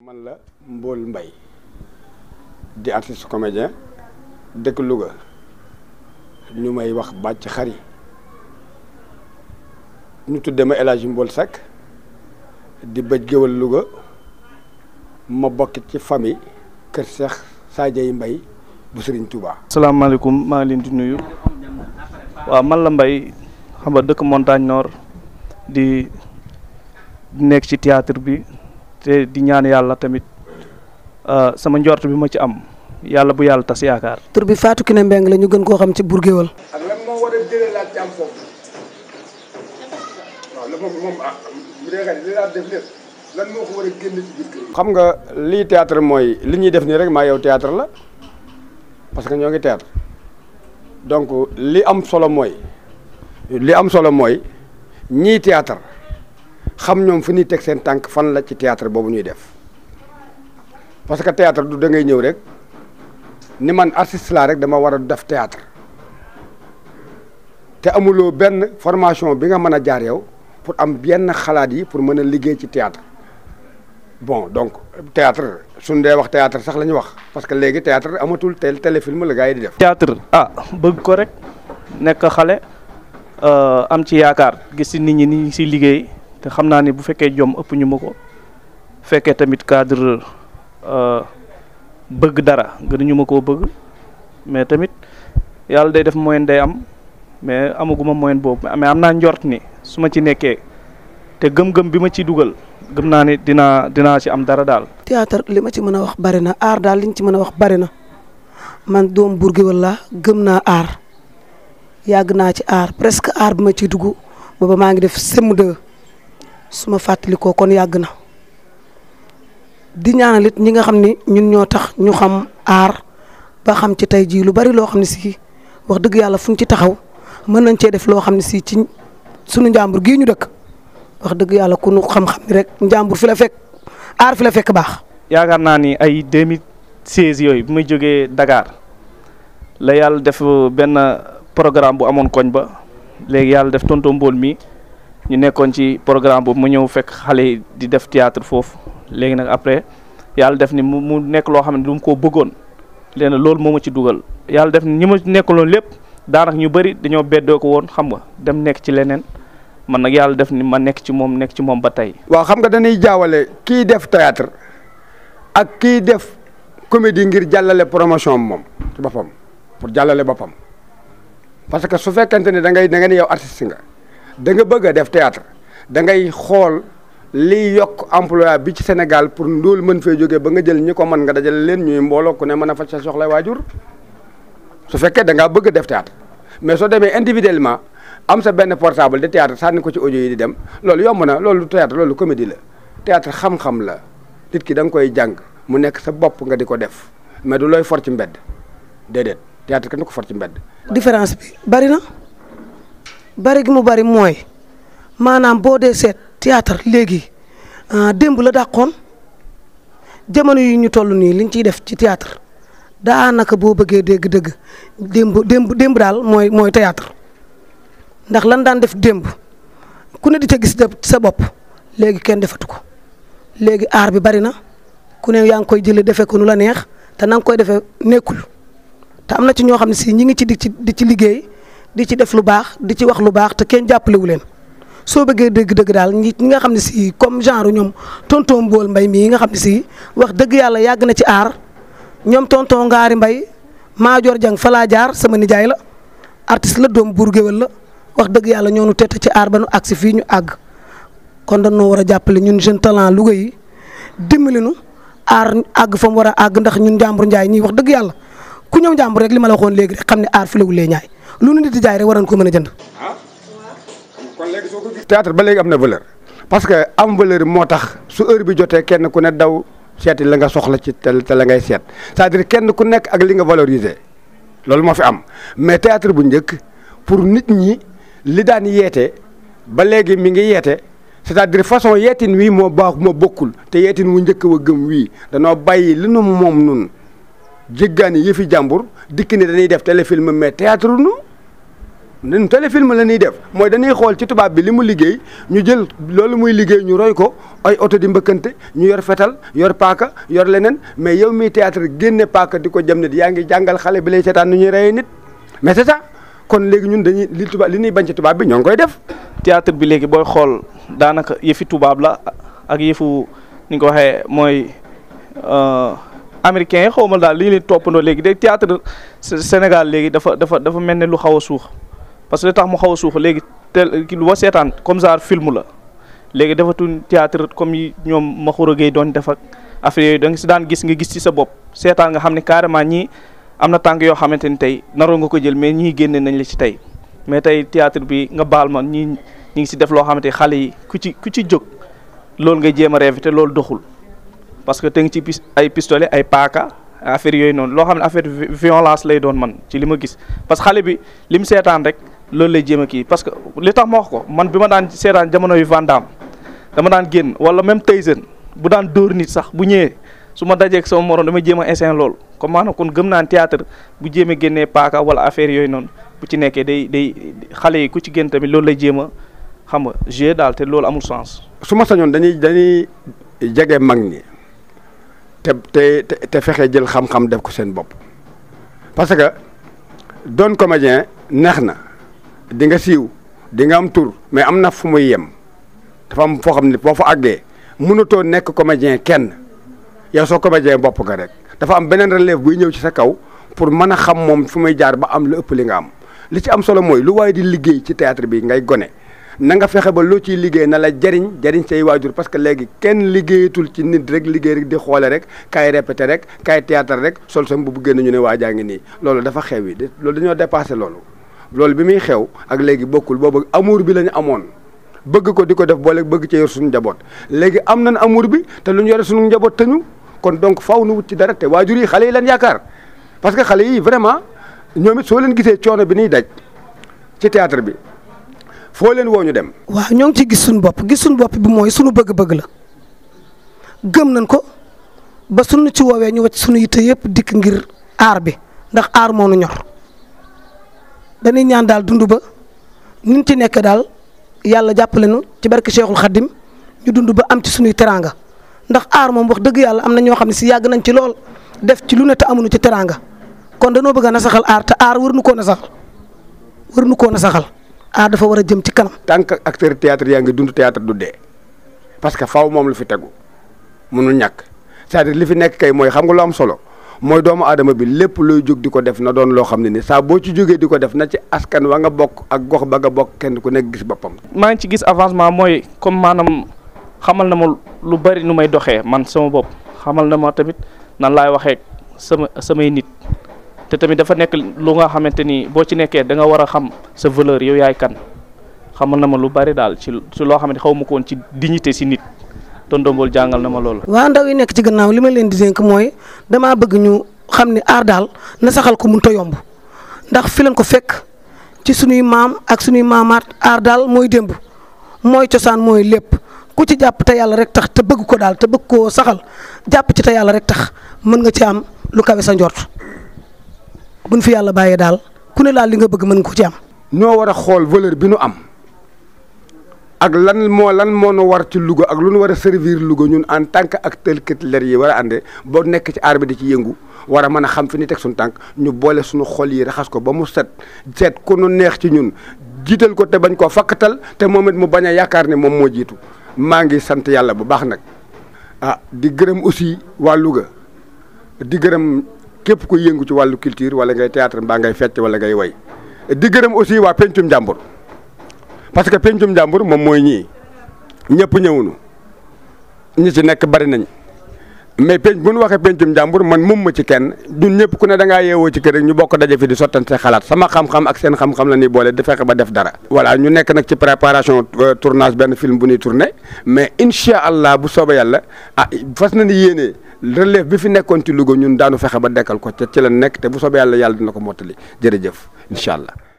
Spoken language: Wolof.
man la Mbool Mbay di artiste comédien dëkk Louga ñu may wax bàcc xari ñu tuddee ma El Hadji Mbool Seck di bëj géwal Louga ma bokk ci famille kër Seex Saajay Mbay bu Sëriñ Tuubaa asalaamaaleykum maa ngi leen di nuyu waaw man la Mbay xamba dekk montagne nord di nek ci théâtre bi té di ñaan yalla tamit euh sama ndort bi ma ci am yalla bu yalla tass yaakar tour bi Fatou Kiné mbeng la ñu gën ko xam ci bourguewal ak lan mo wara jëlé la ci am fofu waaw la moom mom ah bu dee xel li la def lepp lan mo ko wara gën ci biir xam nga li théâtre moy li ñi def ni rek ma yow théâtre la parce que ñogi théâtre donc li am solo moy li am solo mooy ñii théâtre xam ñoom fu ñuy teg seen tànk fan la ci théâtre boobu ñuy def parce que théâtre du da ngay ñëw rek ni man artiste laa rek dama war a du def théâtre te amuloo benn formation bi nga mën a jaar yow pour am benn xalaat yi pour mën a liggéey ci théâtre bon donc théâtre suñ dee wax théâtre sax la ñu wax parce que léegi théâtre amatul tel téléfilm la gars yi di def. théâtre ah bëgg ko rek nekk xale. Euh, am ci yaakar gis ni nit ñi ni ci liggéey te xamna ni bu fekkee jom ëpp ñu mako ko tamit cadre euh, bëgg dara gënuñu ñu mako bëgg mais tamit yalla day def moyen day am mais amaguma moyen boobu mais amna ndort ni suma ci nekké te gëm-gëm bi ci dugal gëm na ni dina dina ci am dara dal. théâtre lima ci mëna wax bari na art dal liñ ci mëna wax bari na man doom bourgui wala gëm na art Yagna na ci ar presque ar bima ma duggu dugg ba maa ngi def sem de suma fatali ko kon yagna na di ñaanalit ñi nga xamni ni ñun ño tax ñu xam ar ba xam ci tay ji lu bari lo xamni ne si wax deug yalla fuñ ci taxaw meun nañ ci def lo xamni ne si ci suñu njàmbur gi ñu dëkk wax deug yalla ku nu xam-xam rek njàmbur fi la fek ar fi la fek bax yaakar na ni ay 2016 yoy bi may jógee Dakar la yalla def ben programme bu amoon koñ ba léegi yàlla def tonton Mbool mi ñu nekkoon ci programme boobu mu ñëw fekk xale yi di def théâtre foofu léegi nag après yàlla def ni mu mu nekk loo xam ne du mu koo bëggoon léegi loolu moo ma ci dugal yàlla def ñi ma nekkaloon lépp daanaka ñu bëri dañoo beddoo ko woon xam nga dem nekk ci leneen man nag yàlla def ni ma nekk ci moom nekk ci moom ba tey. waaw xam nga dañuy jaawale kii def théâtre ak kii def comédie ngir jàllale promotion moom ci boppam pour jàllale boppam. parce que su fekkente ne dangay ngay da nga ne nga da nga bëgg a def théâtre da ngay xool liy yokk emploi bi ci Sénégal pour ndóol mën fee jóge ba nga jël ñi ko mën nga dajale leen ñuy mbooloo ku ne mën a faj sa soxla waajur su fekkee da ngaa bëgg a def théâtre mais soo demee individuellement am sa benn portable de théâtre sànni ko ci audio yi di dem loolu yomb na loolu théâtre loolu comédie la théâtre xam-xam la nit ki da nga koy jàng mu nekk sa bopp nga di ko def mais du looy for ci mbedd déedéet théâtre kenn du ko for ci mbedd. différence bi bari na bari gi mu bari mooy maanaam boo dee seet théâtre léegi ah, démb la dàqoon jamono yi ñu toll nii liñ ciy def ci théâtre daanaka boo bëggee dégg-dégg démb démb démb daal mooy mooy théâtre ndax lan daan def démb ku ne di ca gis sa bopp léegi kenn defatu ko léegi aar bi bari na ku ne yaa ngi koy jëlee defee ko nu la neex te na nga koy defee nekkul. te am na ci ñoo xam ne si ñi ngi ci di ci di ci liggéey di ci def lu baax di ci wax lu baax te kenn jàppalewu leen soo bëggee dëgg-dëgg daal ñi ñi nga xam ne si comme genre ñoom tonton Mbool Mbay mii nga xam ne sii wax dëgg yàlla yàgg na ci aar ñoom tonton Ngaari Mbay Maajoor Jang fa laa jaar sama nijaay la artiste la doom buur géwél la wax dëgg yàlla ñoo nu tette ci aar ba nu àgg fii ñu àgg kon dañoo war a jàppale ñun jeune talent Louga yi dimbali nu aar àgg fa war a àgg ndax ñun njàmbur njaay ñii wax dëgg yàlla. ku ñëw njàmbur rek li ma la waxoon léegi rek xam ne aar filewul lee ñaay lu nu nit di jaay rek waroon ko mën a jënd. kon léegi soo ko théâtre ba léegi am na valeur parce que am valeur moo tax su heure bi jotee kenn ku ne daw seeti la nga soxla ci te la ngay seet cest dire kenn ku nekk ak li nga valoriser loolu moo fi am mais théâtre bu njëkk pour nit ñi li daan yeete ba léegi mi ngi yeete c'est-à-dire façon yeetin wii moo baax moo bokkul te yeetin wu njëkk wa gëm wii danoo bàyyi li moom jéggaani yëfi jàmbur dikk ni dañuy def téléfilm mais théâtre nu ñun téléfilm la ñuy def mooy dañuy xool ci tubaab bi li mu liggéey ñu jël loolu muy liggéey ñu roy ko ay oto di mbëkkante ñu yor fetal yor paaka yor leneen mais yow miy théâtre génne paaka di ko jëm nit yaa ngi jàngal xale bi lay seetaan nu ñuy reyee nit mais c'est kon léegi ñun dañuy li tubaab li ñuy bañ ci tubaab bi ñoo ngi koy def. théâtre bi léegi booy xool daanaka yëfi tubaab la ak yëfu ni ko waxee mooy. Euh, américains yi xaw ma daal li ñu leen toppandoo léegi de théâtre Sénégal léegi dafa dafa dafa mel ne lu xaw a suux parce que tax mu xaw a suux léegi tel lu wa seetaan comme genre film la léegi defatuñ théâtre comme yi ñoom ma Makhoury Gueye doon dafa ak yooyu da nga si daan gis nga gis ci sa bopp seetaan nga xam ne carrément ñii am na tànk yoo xamante ni tey naroon nga ko jël mais ñii génne nañ la ci tey mais tey théâtre bi nga baal ma ñii ñu ngi si def loo xamante xale yi ku ci ku ci jóg loolu ngay jéem a rêve loolu doxul. parce que te tënk ci pis ay pistolet ay paaka affaire yooy noonu loo xam ne affaire violence lay doon man ci li ma gis parce que xale bi li mu seetaan rek loolu lay jéem a kii parce que li tax ma wax ko man bi ma daan seetaan jamono yu Vandam dama daan génn wala même Tyson bu daan dóor nit sax bu ñëwee su ma dajeeg sama morom dama jéem a essayer loolu comme kon gëm naan théâtre bu jéem a génnee paaka wala affaire yooyu noonu bu ci nekkee day day xale yi ku ci génn tamit loolu lay jéem a xam nga jouer daal loolu amul sens. su ma sañoon dañuy dañuy jege mag ñi. te te te fexe jël xam-xam def ko seen bopp parce que doon comédien neex na di nga siiw di nga am tur mais am na fu muy yem dafa am foo xam ni boo fa àggee mënatoo nekk comédien kenn yow soo comédien bopp ka rek dafa am beneen relève buy ñëw ci sa kaw pour mën a xam moom fu muy jaar ba am lu ëpp li nga am li ci am solo mooy lu waaye di liggéey ci théâtre bi ngay gone nanga fexe ba loo ciy liggéey na la jariñ jariñ say waajur parce que léegi kenn liggéeyatul ci nit rek liggéey rek di xoole rek kay répété rek kaay théâtre rek sol sam bu bu génn ñu ne waajaa ngi nii loolu dafa xew yi loolu dañoo dépassé loolu loolu bi muy xew ak léegi bokkul boobu amur bi la ñu amoon bëgg ko di ko def boole bëgg ci yor suñu njaboot léegi am na nañ amur bi te lu ñu yore suñu njaboot te ñu kon donc faaw nu wut ci dara te waajur yi xale yi lan yaakaar parce que xale yi vraiment ñoom it soo leen gisee coono bi ñuy daj ci théâtre bi foo woo ñu dem. waaw ñoo ngi ciy gis suñu bopp gis suñu bopp bi mooy suñu bëgg-bëgg la gëm nañ ko ba suñu ci woowee ñu wacc suñu yitte yëpp dikk ngir aar bi ndax aar moo nu ñor dañuy ñaan daal dund ba ni ñu ci nekke daal yàlla jàppale nu ci barke Cheikhul Khadim ñu dund ba am ci suñuy teraanga ndax aar moom wax dëgg yàlla am na ñoo xam ne si yàgg nañ ci lool def ci lu ne te amuñu ci teraanga kon danoo bëgg a nasaxal aar te aar war nu koo nasaxal war nu koo nasaxal ah dafa wara jëm ci kanam. tank acteur théâtre ya nga dund théâtre du dé parce que faaw mom lu fi téggu mënu ñak cest li fi nek kay moy xam nga lu am solo Moy doomu adama bi lepp luy jog di def na doon lo xamni ni sa bo ci di def na ci askan wa nga bok ak gox ba nga bok kenn ku nek gis bopam ma ngi ci gis avancement moy comme manam xamal na mo lu bari numay doxé man sama bop xamal na ma tamit nan lay waxé sama sama nit. te tamit dafa nekk lu nga xamante ni boo ci nekkee da nga war a xam sa valeur yow yaay kan xamal na ma lu bari daal ci ci loo xam ne xaw ma ko woon ci dignité si nit tondombool jàngal na ma loolu. waa ndaw yi nekk ci gannaaw li ma leen di dénk mooy damaa bëgg ñu xam ne aar daal na saxal ko mun a yomb ndax fi leen ko fekk ci sunuy maam ak sunuy maamaat aar daal mooy démb mooy cosaan mooy lépp. ku ci jàpp te yàlla rek tax te bëgg ko daal te bëgg koo saxal jàpp ci te yàlla rek tax mën nga ci am lu kawe sa njort. buñ fi yàlla bàyyee daal ku ne daal li nga bëgg mën ko ci am. ñoo war a xool valeur bi nu am ak lan moo lan moo nu war ci Louga ak lu nu war a servir Louga ñun en tant ak acteur leer yi war a àndee boo nekk ci aar bi di ci yëngu war a mën a xam fi ni teg suñu tànk ñu boole suñu xool yi raxas ko ba mu set seet ku nu neex ci ñun jiital ko te bañ koo fakkatal te moom it mu bañ a yaakaar ne moom moo jiitu maa ngi sant yàlla bu baax nag ah di gërëm aussi waa Louga képp ku yëngu ci wàllu culture wala ngay théâtre mbaa ngay fecc wala ngay way di gërëm aussi waa pencum njàmbur parce que pencum njàmbur moom mooy ñii ñëpp ñëwunu ñi ci nekk bari nañ mais penc bu ñu waxee pencum njàmbur man ma ci kenn ñun ñëpp ku ne da ngaa yeewoo ci kër ñu bokk daje fi di sottante xalaat sama xam-xam ak seen xam-xam la ñuy boole di fexe ba def dara. voilà ñu nekk nag ci préparation euh, tournage benn film bu ñuy tourné mais incha allah bu soobee yàlla ah fas na ni yéenee relève bi fi nekkoon ci Louga ñun daanu fexe ba dekkal ko ca ci la nekk te bu soobee yàlla yàlla dina ko mottali jërëjëf incha allah.